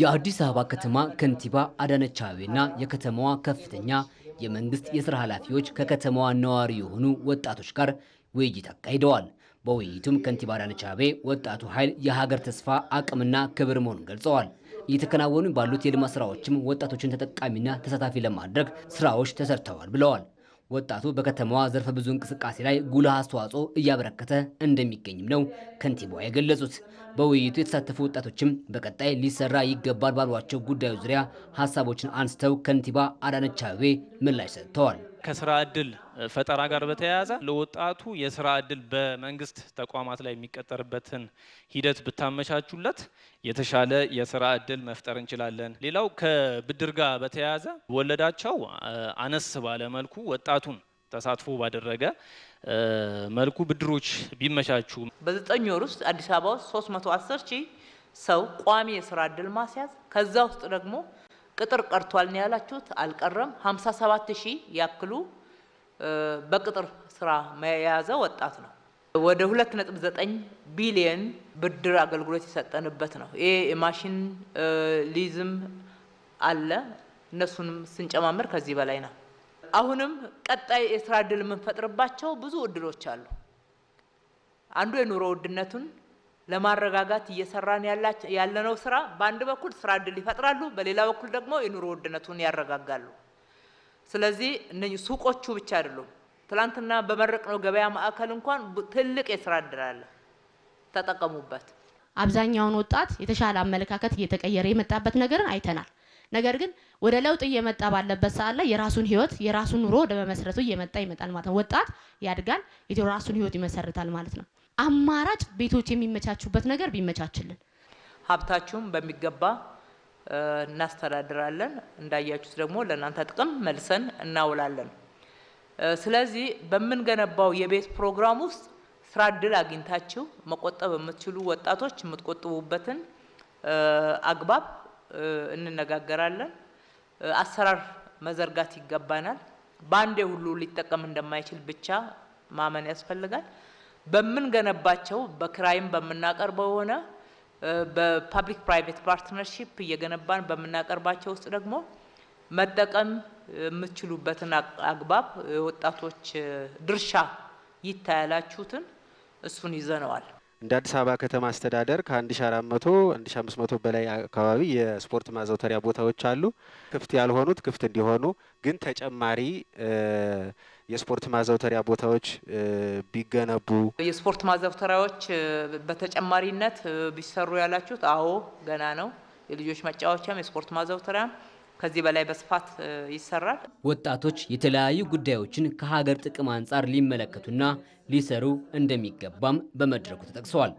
የአዲስ አበባ ከተማ ከንቲባ አዳነች አቤቤና የከተማዋ ከፍተኛ የመንግስት የስራ ኃላፊዎች ከከተማዋ ነዋሪ የሆኑ ወጣቶች ጋር ውይይት አካሂደዋል። በውይይቱም ከንቲባ አዳነች አቤቤ ወጣቱ ኃይል የሀገር ተስፋ አቅምና ክብር መሆኑን ገልጸዋል። እየተከናወኑ ባሉት የልማት ስራዎችም ወጣቶችን ተጠቃሚና ተሳታፊ ለማድረግ ስራዎች ተሰርተዋል ብለዋል። ወጣቱ በከተማዋ ዘርፈ ብዙ እንቅስቃሴ ላይ ጉልህ አስተዋጽኦ እያበረከተ እንደሚገኝም ነው ከንቲባዋ የገለጹት። በውይይቱ የተሳተፉ ወጣቶችም በቀጣይ ሊሰራ ይገባል ባሏቸው ጉዳዮች ዙሪያ ሀሳቦችን አንስተው ከንቲባ አዳነች አቤቤ ምላሽ ሰጥተዋል። ከስራ እድል ፈጠራ ጋር በተያያዘ ለወጣቱ የስራ እድል በመንግስት ተቋማት ላይ የሚቀጠርበትን ሂደት ብታመቻቹለት የተሻለ የስራ እድል መፍጠር እንችላለን። ሌላው ከብድር ጋር በተያያዘ ወለዳቸው አነስ ባለ መልኩ ወጣቱን ተሳትፎ ባደረገ መልኩ ብድሮች ቢመቻቹ በዘጠኝ ወር ውስጥ አዲስ አበባ ውስጥ 310 ሺህ ሰው ቋሚ የስራ እድል ማስያዝ ከዛ ውስጥ ደግሞ ቅጥር ቀርቷል ነው ያላችሁት? አልቀረም። 57 ሺህ ያክሉ በቅጥር ስራ የያዘ ወጣት ነው። ወደ 2.9 ቢሊየን ብድር አገልግሎት የሰጠንበት ነው። ይሄ የማሽን ሊዝም አለ። እነሱንም ስንጨማመር ከዚህ በላይ ነው። አሁንም ቀጣይ የስራ እድል የምንፈጥርባቸው ብዙ እድሎች አሉ። አንዱ የኑሮ ውድነቱን ለማረጋጋት እየሰራን ያለነው ስራ በአንድ በኩል ስራ እድል ይፈጥራሉ፣ በሌላ በኩል ደግሞ የኑሮ ውድነቱን ያረጋጋሉ። ስለዚህ እነኚህ ሱቆቹ ብቻ አይደሉም። ትላንትና በመረቅነው ገበያ ማዕከል እንኳን ትልቅ የስራ እድል አለ፣ ተጠቀሙበት። አብዛኛውን ወጣት የተሻለ አመለካከት እየተቀየረ የመጣበት ነገርን አይተናል። ነገር ግን ወደ ለውጥ እየመጣ ባለበት ሰዓት ላይ የራሱን ህይወት የራሱን ኑሮ ወደ መመስረቱ እየመጣ ይመጣል ማለት ነው። ወጣት ያድጋል፣ የራሱን ህይወት ይመሰርታል ማለት ነው። አማራጭ ቤቶች የሚመቻቹበት ነገር ቢመቻችልን ሀብታችሁም በሚገባ እናስተዳድራለን። እንዳያችሁት ደግሞ ለእናንተ ጥቅም መልሰን እናውላለን። ስለዚህ በምንገነባው የቤት ፕሮግራም ውስጥ ስራ እድል አግኝታችሁ መቆጠብ የምትችሉ ወጣቶች የምትቆጥቡበትን አግባብ እንነጋገራለን። አሰራር መዘርጋት ይገባናል። በአንዴ ሁሉ ሊጠቀም እንደማይችል ብቻ ማመን ያስፈልጋል። በምንገነባቸው በክራይም በምናቀርበው የሆነ በፓብሊክ ፕራይቬት ፓርትነርሺፕ እየገነባን በምናቀርባቸው ውስጥ ደግሞ መጠቀም የምትችሉበትን አግባብ ወጣቶች ድርሻ ይታያላችሁትን እሱን ይዘነዋል። እንደ አዲስ አበባ ከተማ አስተዳደር ከ1400 1500 በላይ አካባቢ የስፖርት ማዘውተሪያ ቦታዎች አሉ። ክፍት ያልሆኑት ክፍት እንዲሆኑ ግን ተጨማሪ የስፖርት ማዘውተሪያ ቦታዎች ቢገነቡ። የስፖርት ማዘውተሪያዎች በተጨማሪነት ቢሰሩ ያላችሁት፣ አዎ ገና ነው። የልጆች መጫወቻም የስፖርት ማዘውተሪያም ከዚህ በላይ በስፋት ይሰራል። ወጣቶች የተለያዩ ጉዳዮችን ከሀገር ጥቅም አንጻር ሊመለከቱና ሊሰሩ እንደሚገባም በመድረኩ ተጠቅሰዋል።